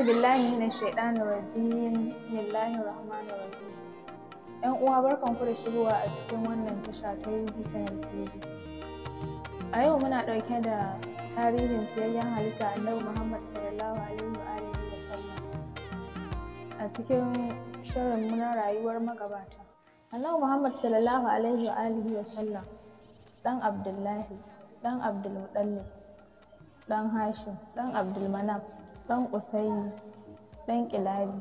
A'udhu billahi minash shaitanir rajim. Bismillahir rahmanir rahim. Yan uwa barkanku da shigowa a cikin wannan tasha ta Yuji Channel TV. A yau muna ɗauke da tarihin siyayyen halitta Annabi Muhammad sallallahu alaihi wa alihi wa sallam. A cikin shirin muna rayuwar magabata. Annabi Muhammad sallallahu alaihi wa alihi wa sallam dan Abdullahi, dan Abdulmuttalib, dan Hashim, dan Abdulmanaf, ɗan usaini ɗan kilabi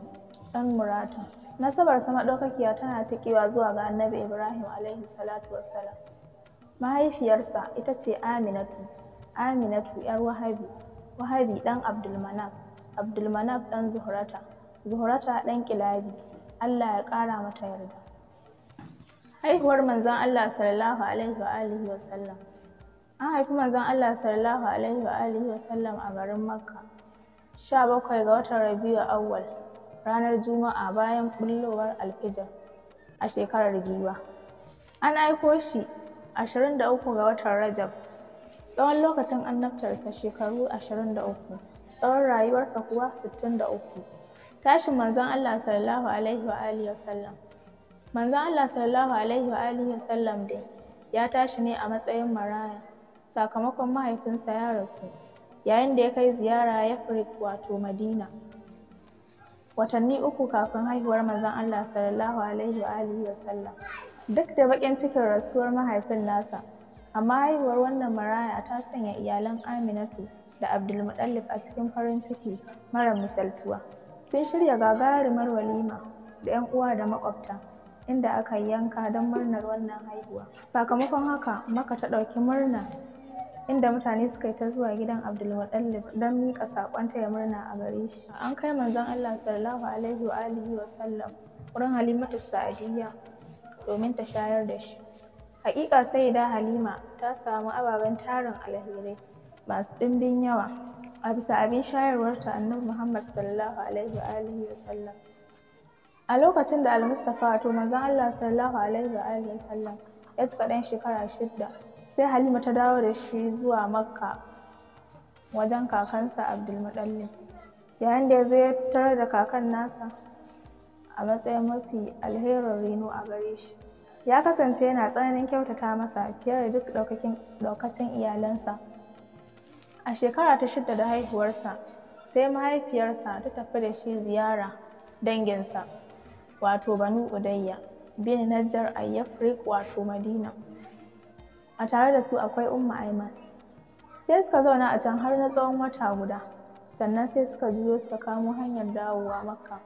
ɗan murata. nasabar sama ɗaukakiya tana tikewa zuwa ga annabi ibrahim alaihi salatu wassalam mahaifiyarsa ita ce aminatu aminatu yar wahabi wahabi ɗan abdulmanaf abdulmanaf ɗan zuhurata zuhurata ɗan kilabi allah ya ƙara mata yarda haihuwar manzon allah sallallahu alaihi wa alihi wa sallam an haifi manzon allah sallallahu alaihi wa alihi wa sallam a garin makka 17 ga watan Rabiu Awwal ranar Juma'a bayan bullowar alfijir a shekarar Giwa. An aiko shi 23 ga watan Rajab tsawon lokacin annabtarsa shekaru 23 tsawon rayuwarsa kuwa 63 tashin manzon Allah sallallahu alaihi wa alihi wasallam manzon Allah sallallahu alaihi wa alihi wasallam dai ya tashi ne a matsayin maraya sakamakon mahaifinsa ya rasu yayin da ya kai ziyara Yathrib wato Madina. Watanni uku kafin haihuwar manzon Allah sallallahu alaihi wa alihi wa Duk da baƙin cikin rasuwar mahaifin nasa, amma haihuwar wannan maraya ta sanya iyalan Aminatu da Abdulmuɗallib a cikin farin ciki mara misaltuwa. Sun shirya gagarumar walima da 'yan uwa da makwabta, inda aka yanka don murnar wannan haihuwa. Sakamakon haka, maka ta ɗauki murna inda mutane suka yi ta zuwa gidan Abdulmuɗallib don miƙa saƙon ya murna a gare shi. An kai manzon Allah sallallahu alaihi wa alihi wa sallam wurin Halimatu Sa'adiyya domin ta shayar da shi. Haƙiƙa Sayyida Halima ta samu ababen tarin alherai masu ɗimbin yawa a bisa abin shayarwarta Annabi Muhammad sallallahu alaihi wa alihi wa sallam. A lokacin da Al-Mustapha wato manzon Allah sallallahu alaihi wa alihi wa sallam ya cika ɗan shekara shidda sai halima ta dawo da shi zuwa makka wajen kakansa abdulmuɗalli yayin da ya zo ya tarar da kakan nasa a matsayin mafi alherin reno a gare shi ya kasance yana tsananin kyautata masa fiye da duk ɗaukacin iyalansa a shekara ta shidda da haihuwarsa sai mahaifiyarsa ta tafi da shi ziyara danginsa wato banu udayya bin najjar ayyafrik wato madina a tare da su akwai umma aiman sai suka zauna a can har na tsawon wata guda sannan sai suka juyo suka kamo hanyar dawowa makka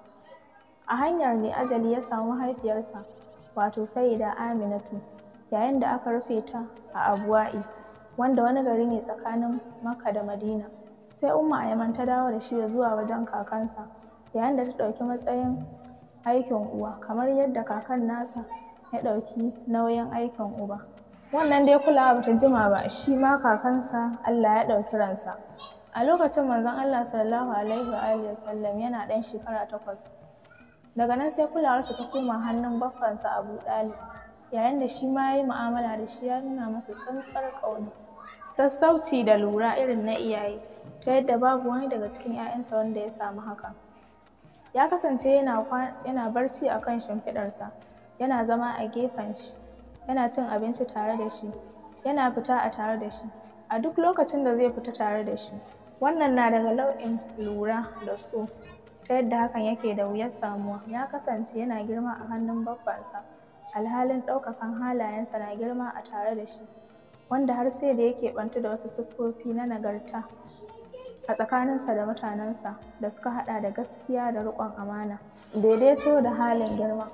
a hanyar ne ajali ya samu mahaifiyarsa wato sayida aminatu yayin da aka rufe ta a abuwa'i wanda wani gari ne tsakanin makka da madina sai umma aiman ta dawo da shi zuwa wajen kakansa yayin da ta ɗauki matsayin aikin uwa kamar yadda kakan nasa ya ɗauki nauyin aikin uba wannan dai kulawa bata jima ba shi ma kakansa Allah ya ɗauki ransa a lokacin manzon Allah sallallahu alaihi wa alihi sallam yana ɗan shekara takwas daga nan sai kulawarsa ta koma hannun baffansa Abu Dalib yayin da shi ma ya yi mu'amala da shi ya nuna masa tsantsar ƙauna sassauci da lura irin na iyaye ta yadda babu wani daga cikin 'ya'yansa wanda ya samu haka ya kasance yana barci a kan shimfiɗarsa yana zama a gefen shi yana cin abinci tare da shi yana fita a tare da shi a duk lokacin da zai fita tare da shi wannan na daga nau'in lura da so ta yadda hakan yake da wuyar samuwa ya kasance yana girma a hannun babbansa alhalin ɗaukakan halayensa na girma a tare da shi wanda har sai da yake ɓantu da wasu siffofi na nagarta a tsakaninsa da mutanensa da suka haɗa da gaskiya da riƙon amana daidaito da halin girma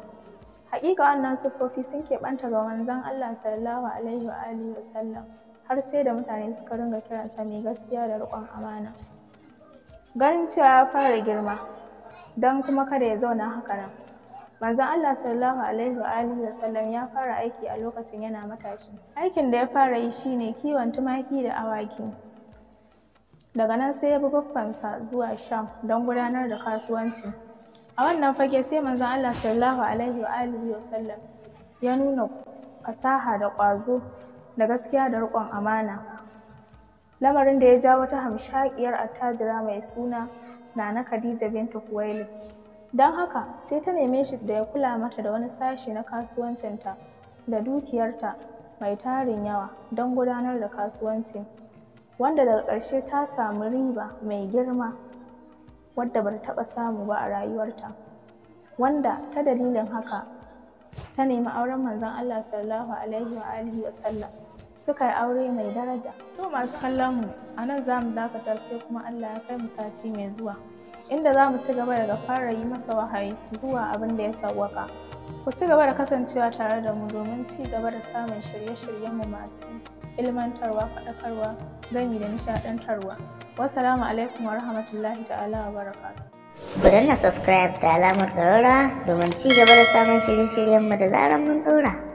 Haƙiƙa wannan siffofi sun keɓanta ga manzon Allah sallallahu alaihi wa alihi wa har sai da mutane suka ringa kiransa mai gaskiya da riƙon amana. Ganin cewa ya fara girma don kuma kada ya zauna haka nan. Manzon Allah sallallahu alaihi wa alihi wa ya fara aiki a lokacin yana matashi. Aikin da ya fara yi shine kiwon tumaki da awaki. Daga nan sai ya bi baffansa zuwa Sham don gudanar da kasuwanci. a wannan fage sai manzon Allah sallallahu alaihi wa alihi wasallam ya nuna fasaha da ƙwazo da gaskiya da riƙon amana lamarin da ya ja wata hamshakiyar attajira mai suna Nana Khadija binta Kuwaili don haka sai ta neme shi da ya kula mata da wani sashi na kasuwancinta da dukiyarta mai tarin yawa don gudanar da kasuwanci wanda daga ƙarshe ta samu riba mai girma wadda bata taɓa samu ba a rayuwarta wanda ta dalilin haka ta nemi auren manzon Allah sallallahu alaihi wa alihi wa sallam suka yi aure mai daraja to masu kallon mu a nan za mu dakatar sai kuma Allah ya kai mu sati mai zuwa inda za mu ci gaba daga fara yi masa wahayi zuwa abin da ya sawwaka ku ci gaba da kasancewa tare da mu domin ci gaba da samun shirye shiryen mu masu ilmantarwa faɗakarwa gami da nishaɗantarwa wasalamu alaikum wa rahmatullahi ta'ala wa barakatu ku danna subscribe da alamar garura, domin ci gaba da samun shirye mu da zarar mun ɗora